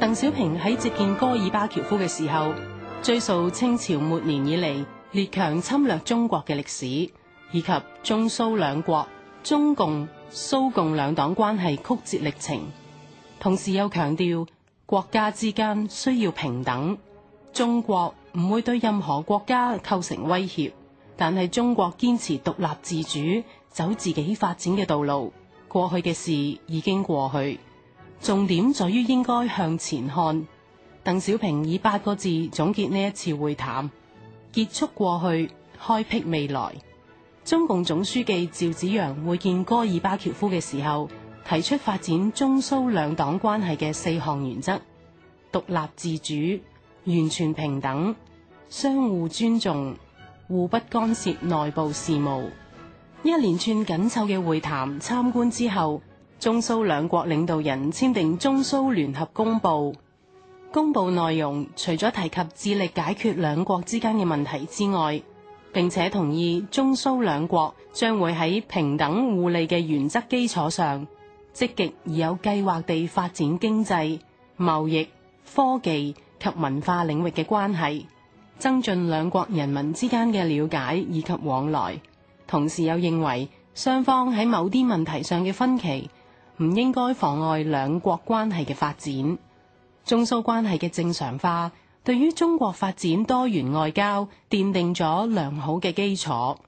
鄧小平喺接見戈爾巴喬夫嘅時候，追溯清朝末年以嚟列強侵略中國嘅歷史，以及中蘇兩國、中共、蘇共兩黨關係曲折歷程。同時又強調國家之間需要平等，中國唔會對任何國家構成威脅，但係中國堅持獨立自主，走自己發展嘅道路。過去嘅事已經過去。重點在於應該向前看。鄧小平以八個字總結呢一次會談：結束過去，開辟未來。中共總書記趙紫陽會見戈爾巴喬夫嘅時候，提出發展中蘇兩黨關係嘅四項原則：獨立自主、完全平等、相互尊重、互不干涉內部事務。一連串緊湊嘅會談、參觀之後。中蘇兩國領導人簽訂中蘇聯合公報，公報內容除咗提及致力解決兩國之間嘅問題之外，並且同意中蘇兩國將會喺平等互利嘅原則基礎上，積極而有計劃地發展經濟、貿易、科技及文化領域嘅關係，增進兩國人民之間嘅了解以及往來。同時又認為雙方喺某啲問題上嘅分歧，唔應該妨礙兩國關係嘅發展，中蘇關係嘅正常化，對於中國發展多元外交奠定咗良好嘅基礎。